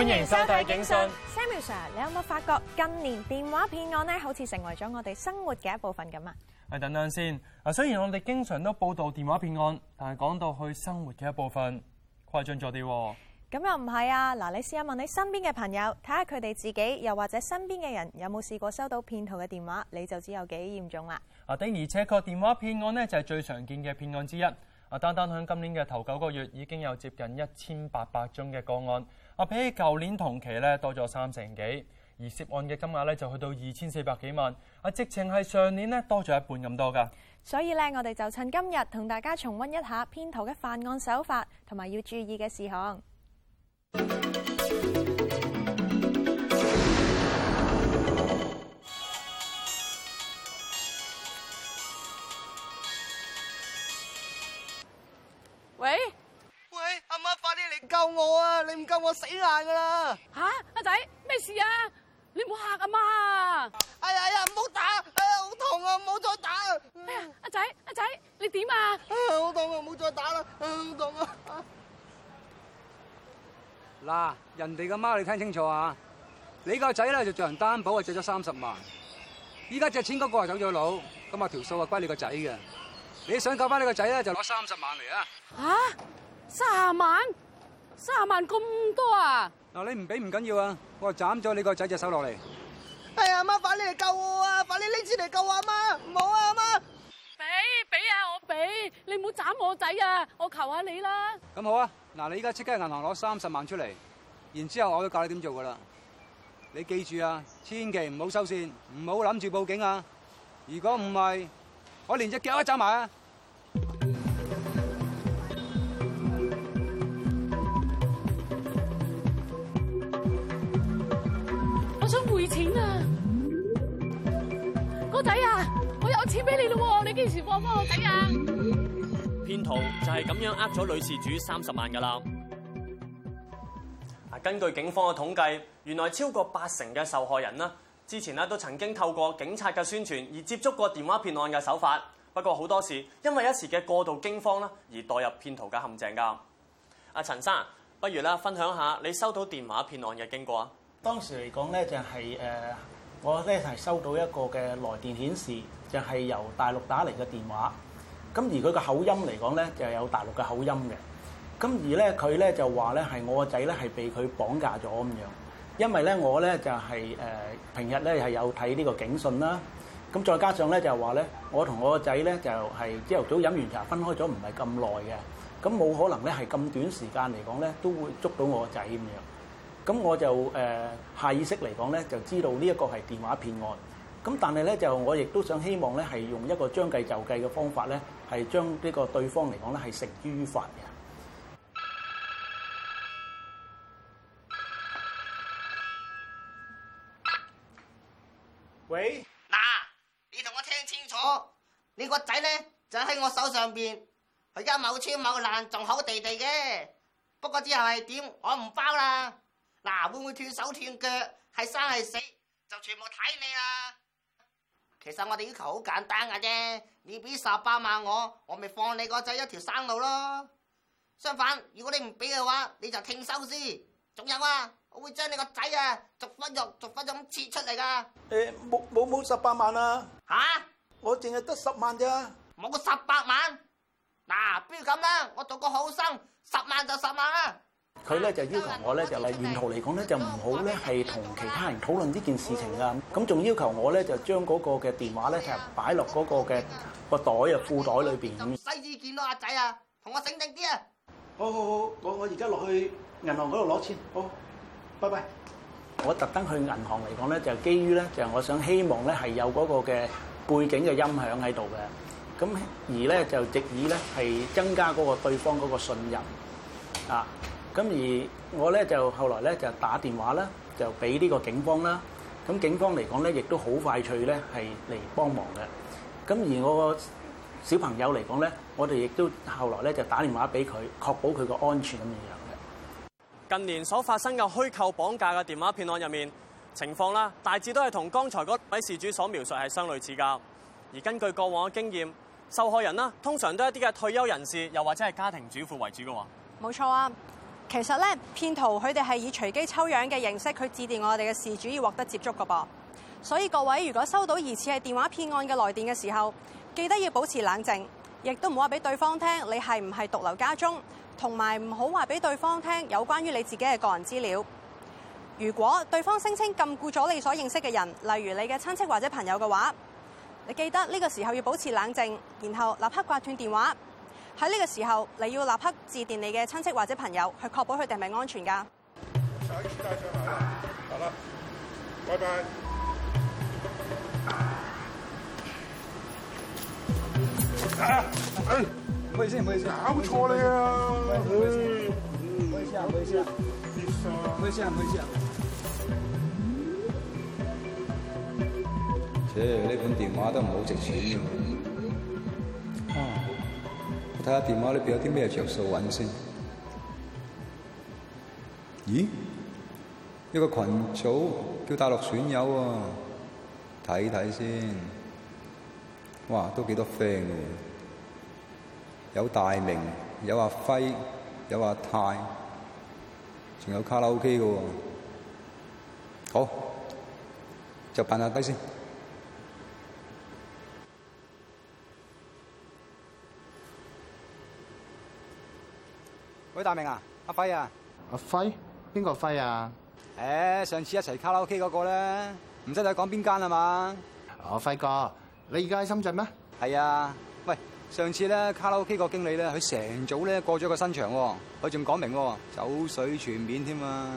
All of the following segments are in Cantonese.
歡迎收睇《警訊》，警訊，Samuel sir，你有冇發覺近年電話騙案咧，好似成為咗我哋生活嘅一部分咁啊？係等等先啊。雖然我哋經常都報道電話騙案，但係講到去生活嘅一部分，誇張咗啲喎。咁又唔係啊？嗱，你試下問你身邊嘅朋友，睇下佢哋自己又或者身邊嘅人有冇試過收到騙徒嘅電話，你就知有幾嚴重啦。啊，的而且確電話騙案呢就係最常見嘅騙案之一。啊，單單響今年嘅頭九個月已經有接近一千八百宗嘅個案。啊！比起舊年同期咧，多咗三成幾，而涉案嘅金額咧就去到二千四百幾萬。啊，直情係上年咧多咗一半咁多㗎。所以咧，我哋就趁今日同大家重溫一下騙徒嘅犯案手法同埋要注意嘅事項。我啊，你唔夠我死硬噶啦！吓，阿仔，咩事啊？你唔好嚇阿媽啊！哎呀哎呀，唔好打，哎呀好痛啊！唔好再打！哎呀，阿仔阿仔，你點啊？哎呀，好痛啊！唔好再打啦，哎呀，好痛啊！嗱，人哋嘅媽，你聽清楚啊！你個仔咧就做人擔保啊，借咗三十萬，依家隻錢哥過嚟走咗佬，咁啊條數啊歸你個仔嘅，你想救翻你個仔咧，就攞三十萬嚟啊！吓，三十萬？三十萬咁多啊！嗱，你唔俾唔緊要啊，我就斬咗你個仔隻手落嚟。哎呀，媽，快你嚟救我啊！快你拎錢嚟救我阿媽！唔好啊，阿媽，俾俾啊，我俾，你唔好斬我仔啊！我求下你啦。咁好啊，嗱，你依家即刻去銀行攞三十萬出嚟，然之後我都教你點做噶啦。你記住啊，千祈唔好收線，唔好諗住報警啊！如果唔係，我連隻腳都斬埋啊！錢啊，哥仔啊，我有錢俾你咯，你幾時放翻我仔啊？騙徒就係咁樣呃咗女事主三十萬噶啦。啊，根據警方嘅統計，原來超過八成嘅受害人呢，之前呢，都曾經透過警察嘅宣傳而接觸過電話騙案嘅手法，不過好多時因為一時嘅過度驚慌啦而墮入騙徒嘅陷阱噶。阿陳生，不如啦分享一下你收到電話騙案嘅經過啊。當時嚟講咧，就係、是、誒，我咧係收到一個嘅來電顯示，就係、是、由大陸打嚟嘅電話。咁而佢嘅口音嚟講咧，就有大陸嘅口音嘅。咁而咧佢咧就話咧係我個仔咧係被佢綁架咗咁樣。因為咧我咧就係誒平日咧係有睇呢個警訊啦。咁再加上咧就話咧，我同我個仔咧就係朝頭早飲完茶分開咗唔係咁耐嘅。咁冇可能咧係咁短時間嚟講咧都會捉到我個仔咁樣。咁我就誒、呃、下意識嚟講咧，就知道呢一個係電話騙案。咁但係咧，就我亦都想希望咧，係用一個將計就計嘅方法咧，係將呢個對方嚟講咧係繩於法嘅。喂，嗱，你同我聽清楚，你個仔咧就喺我手上邊，佢而家冇穿冇爛，仲好地地嘅。不過之後係點，我唔包啦。嗱，會唔會斷手斷腳？係生係死就全部睇你啦！其實我哋要求好簡單嘅啫，你俾十八萬我，我咪放你個仔一條生路咯。相反，如果你唔俾嘅話，你就聽收屍。仲有啊，我會將你個仔啊，逐分肉逐分咁切出嚟噶。誒、欸，冇冇冇十八萬啊！吓、啊，我淨係得十萬咋。冇個十八萬，嗱、啊，不如咁啦，我做個好生，十萬就十萬啦、啊。佢咧就要求我咧就嚟沿途嚟講咧就唔好咧係同其他人討論呢件事情啦。咁仲要求我咧就將嗰個嘅電話咧就擺落嗰個嘅個袋啊褲袋裏邊咁。細緻見到阿仔啊，同我醒醒啲啊！好好好，我我而家落去銀行嗰度攞錢，好，拜拜。我特登去銀行嚟講咧，就基於咧就係我想希望咧係有嗰個嘅背景嘅音響喺度嘅，咁而咧就藉以咧係增加嗰個對方嗰個信任啊。咁而我咧就後來咧就打電話啦，就俾呢個警方啦。咁警方嚟講咧，亦都好快脆咧，係嚟幫忙嘅。咁而我個小朋友嚟講咧，我哋亦都後來咧就打電話俾佢，確保佢個安全咁樣嘅。近年所發生嘅虛構綁架嘅電話騙案入面情況啦，大致都係同剛才嗰位事主所描述係相類似噶。而根據過往嘅經驗，受害人啦通常都係一啲嘅退休人士，又或者係家庭主婦為主嘅話，冇錯啊。其實咧，騙徒佢哋係以隨機抽樣嘅形式，去致電我哋嘅事主以獲得接觸㗎噃。所以各位，如果收到疑似係電話騙案嘅來電嘅時候，記得要保持冷靜，亦都唔好話俾對方聽你係唔係獨留家中，同埋唔好話俾對方聽有關於你自己嘅個人資料。如果對方聲稱禁錮咗你所認識嘅人，例如你嘅親戚或者朋友嘅話，你記得呢個時候要保持冷靜，然後立刻掛斷電話。喺呢個時候，你要立刻致電你嘅親戚或者朋友，去確保佢哋係咪安全㗎。收起私家相，唔好意思，好啦，拜拜。啊！唔好意思，唔好意思，搞錯你啊。唔好意思！下，唔好意思，唔好意思。切、哎、呢、啊啊、本電話都唔好值錢、嗯睇下電話裏邊有啲咩著數揾先。咦？一個羣組叫大陸水友喎，睇睇先。哇，都幾多 friend 㗎喎，有大明，有阿輝，有阿泰，仲有卡拉 OK 嘅喎。好，就扮下低先。佢，大明啊，阿輝啊，阿輝，邊個輝啊？誒，上次一齊卡拉 OK 嗰個咧，唔知你講邊間啊嘛？阿輝哥，你而家喺深圳咩？係啊，喂，上次咧卡拉 OK 個經理咧，佢成早咧過咗個新場喎，佢仲講明酒水全面添啊。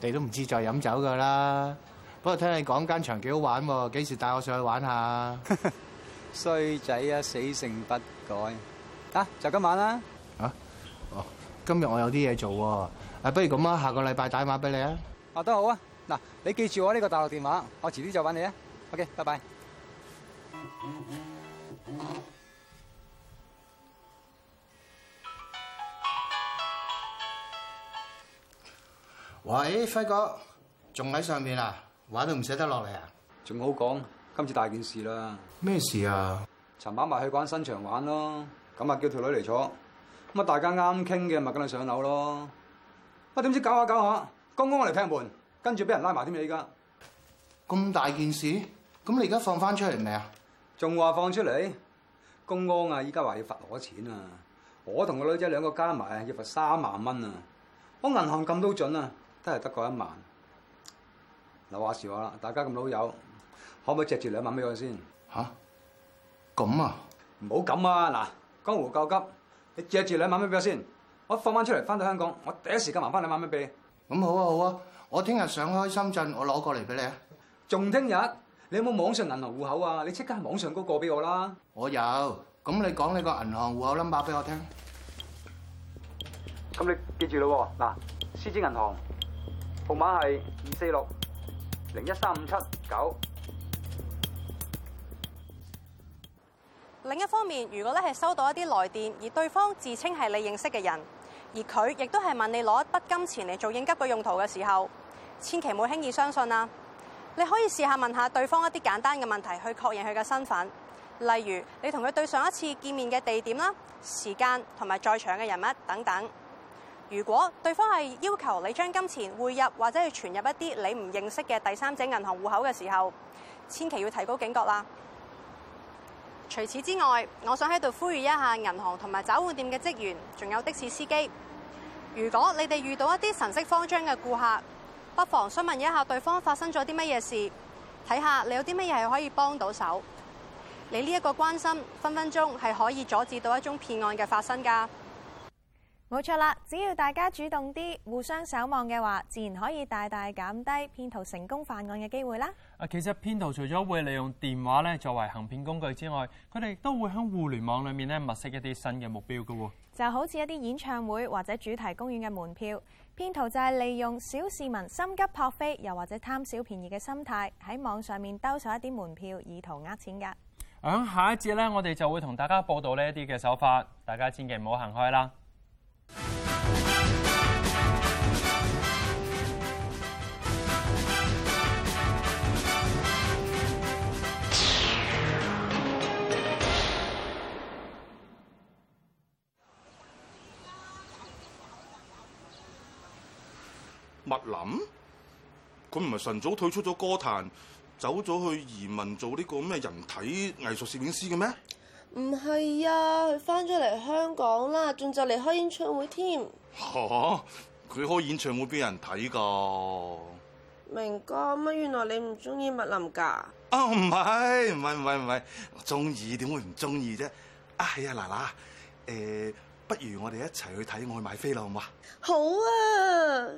你都唔知再飲酒噶啦，不過聽你講間場幾好玩喎，幾時帶我上去玩下？衰仔啊，死性不改，吓就今晚啦！今日我有啲嘢做喎，不如咁啊，下個禮拜打電話俾你啊。啊，都好啊。嗱，你記住我呢個大陸電話，我遲啲就揾你啊。OK，拜拜。喂，輝哥，仲喺上面啊？玩都唔捨得落嚟啊？仲好講，今次大件事啦。咩事啊？尋晚咪去玩新場玩咯，咁啊叫條女嚟坐。乜大家啱傾嘅，咪跟佢上樓咯。乜點知搞下搞下，剛剛我嚟劈門，跟住俾人拉埋添。你依家咁大件事，咁你而家放翻出嚟未啊？仲話放出嚟，公安啊！依家話要罰我錢啊！我同個女仔兩個加埋啊，要罰三萬蚊啊！我銀行咁都準啊，都係得過一萬。嗱話時話啦，大家咁老友，可唔可以借住兩萬俾我先？吓？咁啊！唔好咁啊！嗱、啊，江湖救急。借住兩萬蚊俾我先，我放翻出嚟，翻到香港，我第一時間還翻兩萬蚊俾你。咁好啊，好啊，我聽日上開深圳，我攞過嚟俾你啊。仲聽日，你有冇網上銀行戶口啊？你即刻網上嗰個俾我啦。我有，咁你講你個銀行戶口 number 俾我聽。咁你記住咯，嗱，獅子銀行號碼係二四六零一三五七九。另一方面，如果咧係收到一啲來電，而對方自稱係你認識嘅人，而佢亦都係問你攞一筆金錢嚟做應急嘅用途嘅時候，千祈唔好輕易相信啊。你可以試下問下對方一啲簡單嘅問題去確認佢嘅身份，例如你同佢對上一次見面嘅地點啦、時間同埋在場嘅人物等等。如果對方係要求你將金錢匯入或者係存入一啲你唔認識嘅第三者銀行戶口嘅時候，千祈要提高警覺啦。除此之外，我想喺度呼籲一下銀行同埋找換店嘅職員，仲有的士司機。如果你哋遇到一啲神色慌張嘅顧客，不妨詢問一下對方發生咗啲乜嘢事，睇下你有啲乜嘢係可以幫到手。你呢一個關心，分分鐘係可以阻止到一宗騙案嘅發生㗎。冇錯啦，只要大家主動啲，互相守望嘅話，自然可以大大減低騙徒成功犯案嘅機會啦。啊，其實騙徒除咗會利用電話咧作為行騙工具之外，佢哋都會響互聯網裏面咧物色一啲新嘅目標噶。就好似一啲演唱會或者主題公園嘅門票，騙徒就係利用小市民心急撲飛又或者貪小便宜嘅心態喺網上面兜售一啲門票，以圖呃錢噶。嗯，下一節咧，我哋就會同大家報道呢一啲嘅手法，大家千祈唔好行開啦。佢唔係晨早退出咗歌壇，走咗去移民做呢個咩人體藝術攝影師嘅咩？唔係啊，佢翻咗嚟香港啦，仲就嚟開演唱會添。哦、啊，佢開演唱會俾人睇㗎。明哥，乜原來你唔中意麥林㗎、哦？啊，唔係唔係唔係唔係，我中意點會唔中意啫？啊，係啊，嗱嗱，誒、欸。.不如我哋一齊去睇，我去買飛啦，好唔好啊？好啊！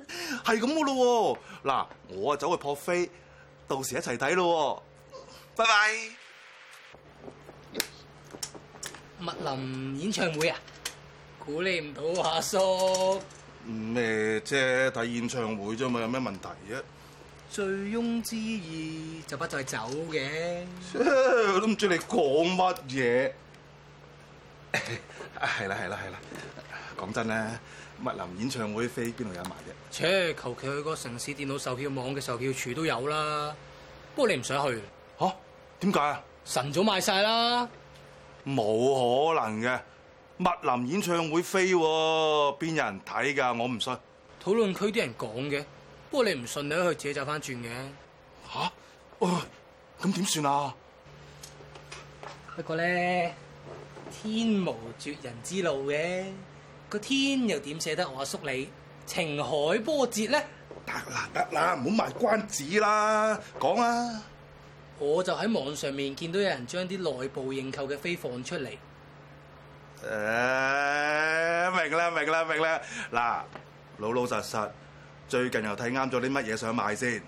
係咁嘅咯喎，嗱，我啊走去撲飛，到時一齊睇咯。拜拜！麥林演唱會啊？估你唔到啊，阿叔，叔。咩？即係睇演唱會啫嘛，有咩問題啫？醉翁之意就不在酒嘅。我都唔知你講乜嘢？係啦係啦係啦，講真咧，麥林演唱會飛邊度有賣啫？切，求其去個城市電腦售票網嘅售票處都有啦。不過你唔想去？吓？點解啊？晨早賣晒啦。冇可能嘅，麥林演唱會飛，邊有人睇噶？我唔信。討論區啲人講嘅、啊哎，不過你唔信你可以去自己走翻轉嘅。吓？哦，咁點算啊？不過咧。天無絕人之路嘅，個天又點捨得我阿叔，叔你情海波折咧？得啦得啦，唔好賣關子啦，講啊！我就喺網上面見到有人將啲內部認購嘅飛放出嚟。誒、哎，明啦明啦明啦！嗱，老老實實，最近又睇啱咗啲乜嘢想買先？嗱，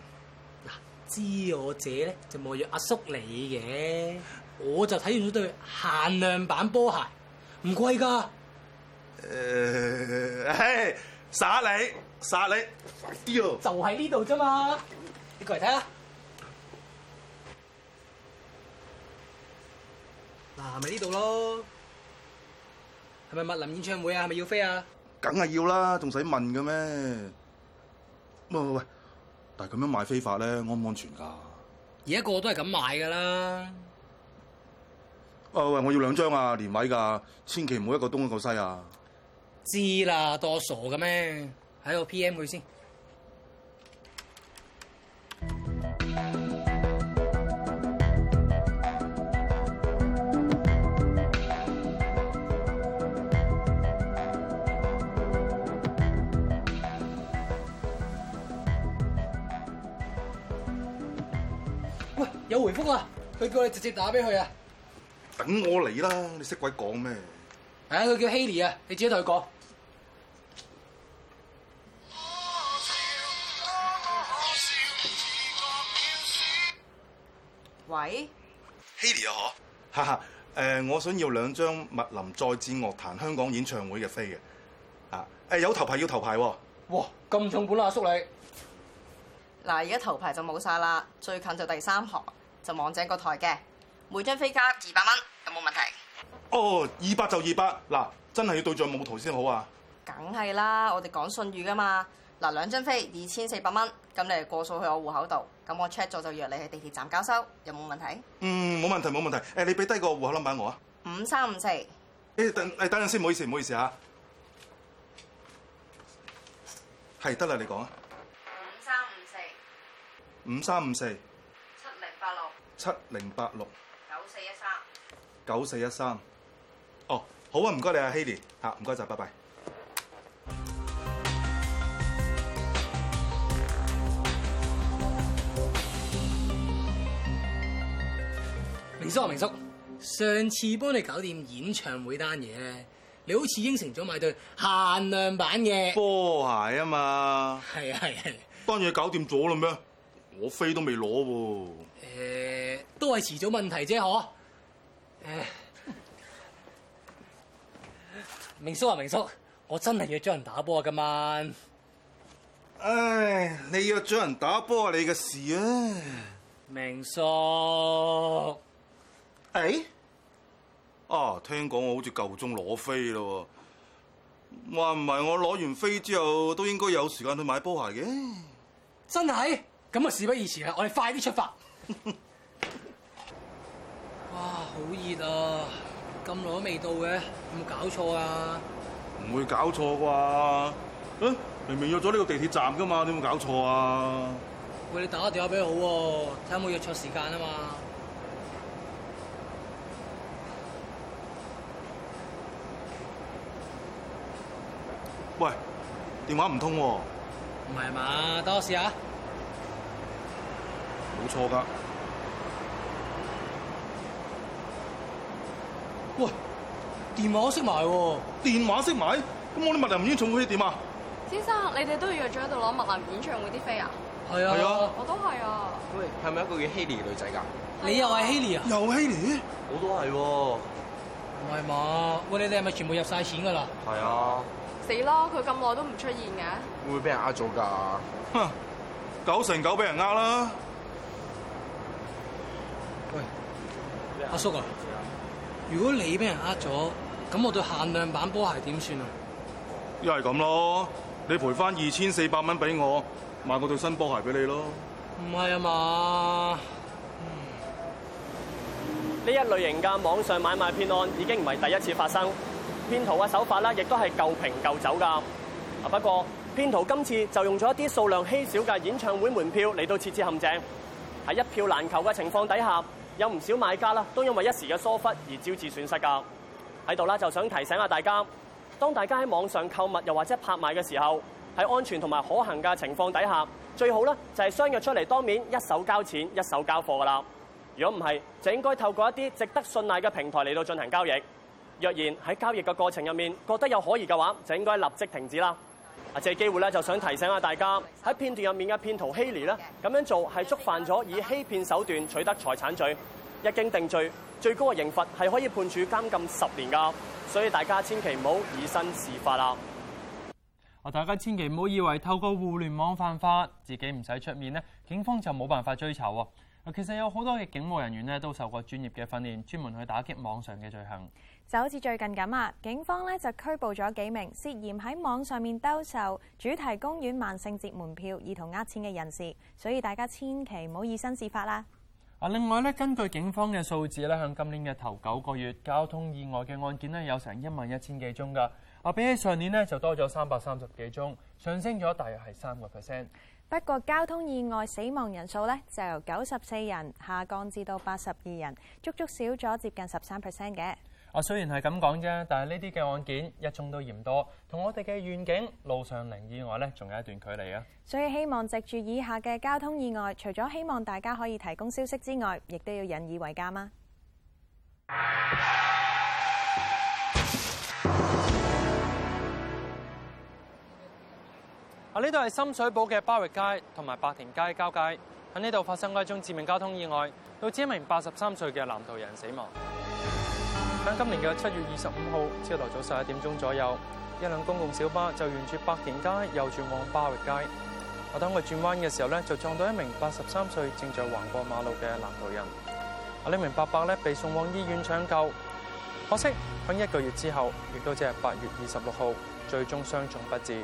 知我者咧，就莫若阿叔你嘅。我就睇完咗對限量版波鞋，唔貴噶。誒，嘿，殺你，殺你，丟！就喺呢度啫嘛，你過嚟睇下。嗱，咪呢度咯，係咪物林演唱會啊？係咪要飛啊？梗係要啦，仲使問嘅咩？喂，唔唔，但係咁樣買飛法咧，安唔安全噶？而家個個都係咁買噶啦。誒喂！我要兩張啊，連位㗎，千祈唔好一個東一個西啊！知啦，多傻嘅咩？喺度 PM 佢先。 喂，有回覆啊，佢叫你直接打俾佢啊！等我嚟啦！你識鬼講咩？係啊，佢叫希尼啊，你自己同佢講。喂，希尼啊，嗬？哈哈，誒，我想要兩張密林再戰樂壇香港演唱會嘅飛嘅，啊誒，有頭排要頭排喎！哇，咁重本啦，叔你！嗱，而家頭排就冇晒啦，最近就第三行，就望正個台嘅。每張飛卡二百蚊，有冇問題？哦，二百就二百，嗱，真係要對象冇圖先好啊！梗係啦，我哋講信譽噶嘛。嗱，兩張飛二千四百蚊，咁你哋過數去我戶口度，咁我 check 咗就約你喺地鐵站交收，有冇問題？嗯，冇問題冇問題。誒，你俾低個戶口 number 我啊。五三五四。誒、欸，等誒，等陣先，唔好意思，唔好意思吓。係得啦，你講啊。五三五四。五三五四。七零八六。七零八六。九四一三，哦，好啊，唔該你啊，Hedy，吓，唔該晒，拜拜。明叔啊，明叔，上次幫你搞掂演唱會單嘢，你好似應承咗買對限量版嘅波鞋啊嘛，係啊係啊，單嘢搞掂咗啦咩？我飛都未攞喎，誒，都係遲早問題啫，嗬。明叔啊，明叔，我真係約咗人打波啊今晚。唉，你約咗人打波啊你嘅事啊。明叔，誒，啊，聽講我好似夠鐘攞飛啦，話唔埋我攞完飛之後都應該有時間去買波鞋嘅。真係，咁啊事不宜遲，我哋快啲出發。 哇，好熱啊！咁耐都未到嘅，有冇搞錯啊？唔會搞錯啩？嗯，明明約咗呢個地鐵站噶嘛，你有冇搞錯啊？喂，你打個電話俾我好，睇下有冇約錯時間啊嘛。喂，電話唔通喎。唔係嘛，等我試下。冇錯噶。電話熄埋喎，電話熄埋，啊，咁我啲墨林演唱會啲飛點啊？先生，你哋都約咗喺度攞墨林演唱會啲飛啊？係啊，我都係啊。喂，係咪一個叫希利嘅女仔㗎？啊、你又係希利啊？又希利？我都係喎。唔係嘛？喂，你哋係咪全部入晒錢㗎啦？係啊。死咯！佢咁耐都唔出現㗎。會唔會俾人呃咗㗎？哼，九成九俾人呃啦。喂，阿叔啊，被如果你俾人呃咗。咁我對限量版波鞋點算啊？一係咁咯，你賠翻二千四百蚊俾我，買對新波鞋俾你咯。唔係啊嘛！呢一類型嘅網上買賣騙案已經唔係第一次發生，騙徒嘅手法啦，亦都係舊瓶舊酒㗎。不過騙徒今次就用咗一啲數量稀少嘅演唱會門票嚟到設置陷阱，喺一票難求嘅情況底下，有唔少買家啦都因為一時嘅疏忽而招致損失㗎。喺度啦，就想提醒下大家，當大家喺網上購物又或者拍賣嘅時候，喺安全同埋可行嘅情況底下，最好咧就係相約出嚟當面一手交錢一手交貨噶啦。如果唔係，就應該透過一啲值得信賴嘅平台嚟到進行交易。若然喺交易嘅過程入面覺得有可疑嘅話，就應該立即停止啦。啊，借機會咧就想提醒下大家，喺片段入面嘅騙徒希尼咧，咁樣做係觸犯咗以欺騙手段取得財產罪。一經定罪，最高嘅刑罰係可以判處監禁十年㗎，所以大家千祈唔好以身試法啦。啊，大家千祈唔好以為透過互聯網犯法，自己唔使出面咧，警方就冇辦法追查喎。其實有好多嘅警務人員咧都受過專業嘅訓練，專門去打擊網上嘅罪行。就好似最近咁啊，警方咧就拘捕咗幾名涉嫌喺網上面兜售主題公園萬聖節門票，以圖呃錢嘅人士，所以大家千祈唔好以身試法啦。另外咧，根據警方嘅數字咧，喺今年嘅頭九個月，交通意外嘅案件咧有成一萬一千幾宗㗎。啊，比起上年咧就多咗三百三十幾宗，上升咗大約係三個 percent。不過，交通意外死亡人數咧就由九十四人下降至到八十二人，足足少咗接近十三 percent 嘅。我雖然係咁講啫，但係呢啲嘅案件一宗都嫌多，同我哋嘅願景路上零意外咧，仲有一段距離啊。所以希望藉住以下嘅交通意外，除咗希望大家可以提供消息之外，亦都要引以為戒嗎？啊！呢度係深水埗嘅巴域街同埋白田街交界，喺呢度發生過一宗致命交通意外，導致一名八十三歲嘅男途人死亡。喺今年嘅七月二十五號朝頭早十一點鐘左右，一輛公共小巴就沿住白田街右轉往巴域街。我等佢轉彎嘅時候咧，就撞到一名八十三歲正在橫過馬路嘅男途人。啊，呢名伯伯咧被送往醫院搶救，可惜響一個月之後，亦都即係八月二十六號，最終傷重不治。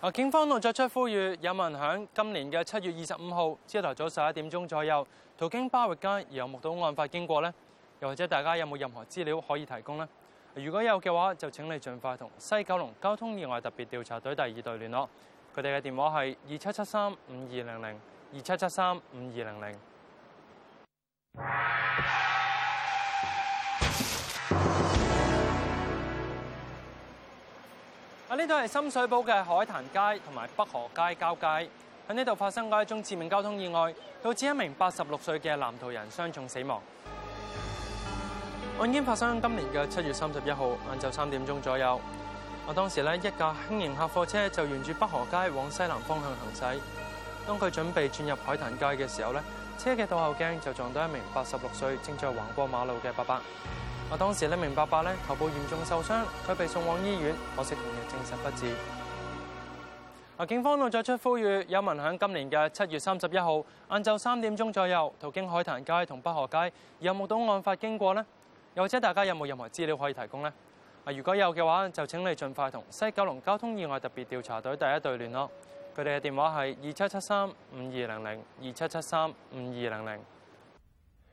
啊，警方又作出呼籲：有民響今年嘅七月二十五號朝頭早十一點鐘左右，途經巴域街而有目睹案發經過呢？」又或者大家有冇任何資料可以提供呢？如果有嘅話，就請你盡快同西九龍交通意外特別調查隊第二隊聯絡。佢哋嘅電話係二七七三五二零零二七七三五二零零。啊！呢度係深水埗嘅海壇街同埋北河街交界，喺呢度發生過一宗致命交通意外，導致一名八十六歲嘅男途人傷重死亡。案件經發生喺今年嘅七月三十一號晏晝三點鐘左右。我當時呢，一架輕型客貨車就沿住北河街往西南方向行駛。當佢準備轉入海壇街嘅時候呢，車嘅倒後鏡就撞到一名八十六歲正在橫過馬路嘅伯伯。我當時呢名伯伯呢，頭部嚴重受傷，佢被送往醫院，可惜同日證實不治。啊！警方路作出呼籲，有民響今年嘅七月三十一號晏晝三點鐘左右途經海壇街同北河街，有冇目睹案發經過呢？或者大家有冇任何資料可以提供呢？啊，如果有嘅話，就請你盡快同西九龍交通意外特別調查隊第一隊聯絡。佢哋嘅電話係二七七三五二零零二七七三五二零零。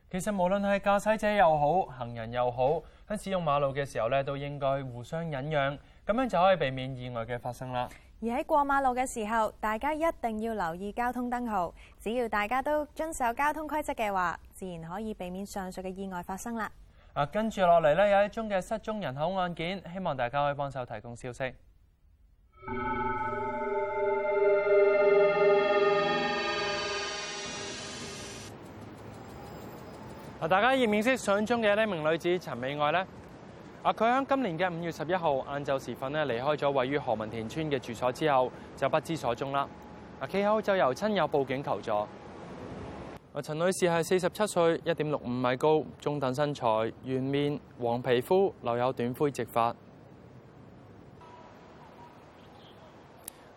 其實無論係駕駛者又好，行人又好，喺使用馬路嘅時候咧，都應該互相忍讓，咁樣就可以避免意外嘅發生啦。而喺過馬路嘅時候，大家一定要留意交通燈號。只要大家都遵守交通規則嘅話，自然可以避免上述嘅意外發生啦。啊，跟住落嚟咧，有一宗嘅失蹤人口案件，希望大家可以幫手提供消息。大家認唔認識相中嘅呢名女子陳美愛呢？啊，佢喺今年嘅五月十一號晏晝時分咧，離開咗位於何文田村嘅住所之後，就不知所蹤啦。啊，其後就由親友報警求助。陳女士係四十七歲，一點六五米高，中等身材，圓面，黃皮膚，留有短灰直髮。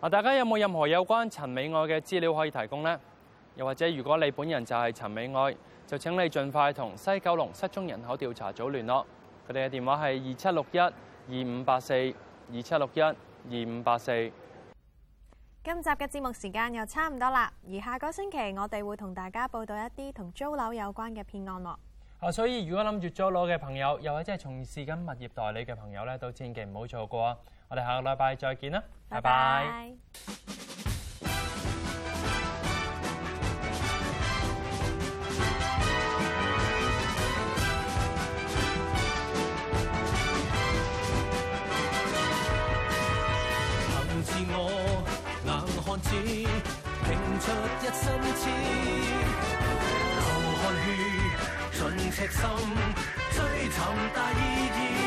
啊，大家有冇任何有關陳美愛嘅資料可以提供呢？又或者如果你本人就係陳美愛，就請你盡快同西九龍失蹤人口調查組聯絡。佢哋嘅電話係二七六一二五八四，二七六一二五八四。今集嘅節目時間又差唔多啦，而下個星期我哋會同大家報道一啲同租樓有關嘅騙案咯。啊，所以如果諗住租樓嘅朋友，又或者係從事緊物業代理嘅朋友咧，都千祈唔好錯過啊。我哋下個禮拜再見啦，拜拜。Bye bye 拼出一身痴，流汗血，盡赤心，追尋大意義。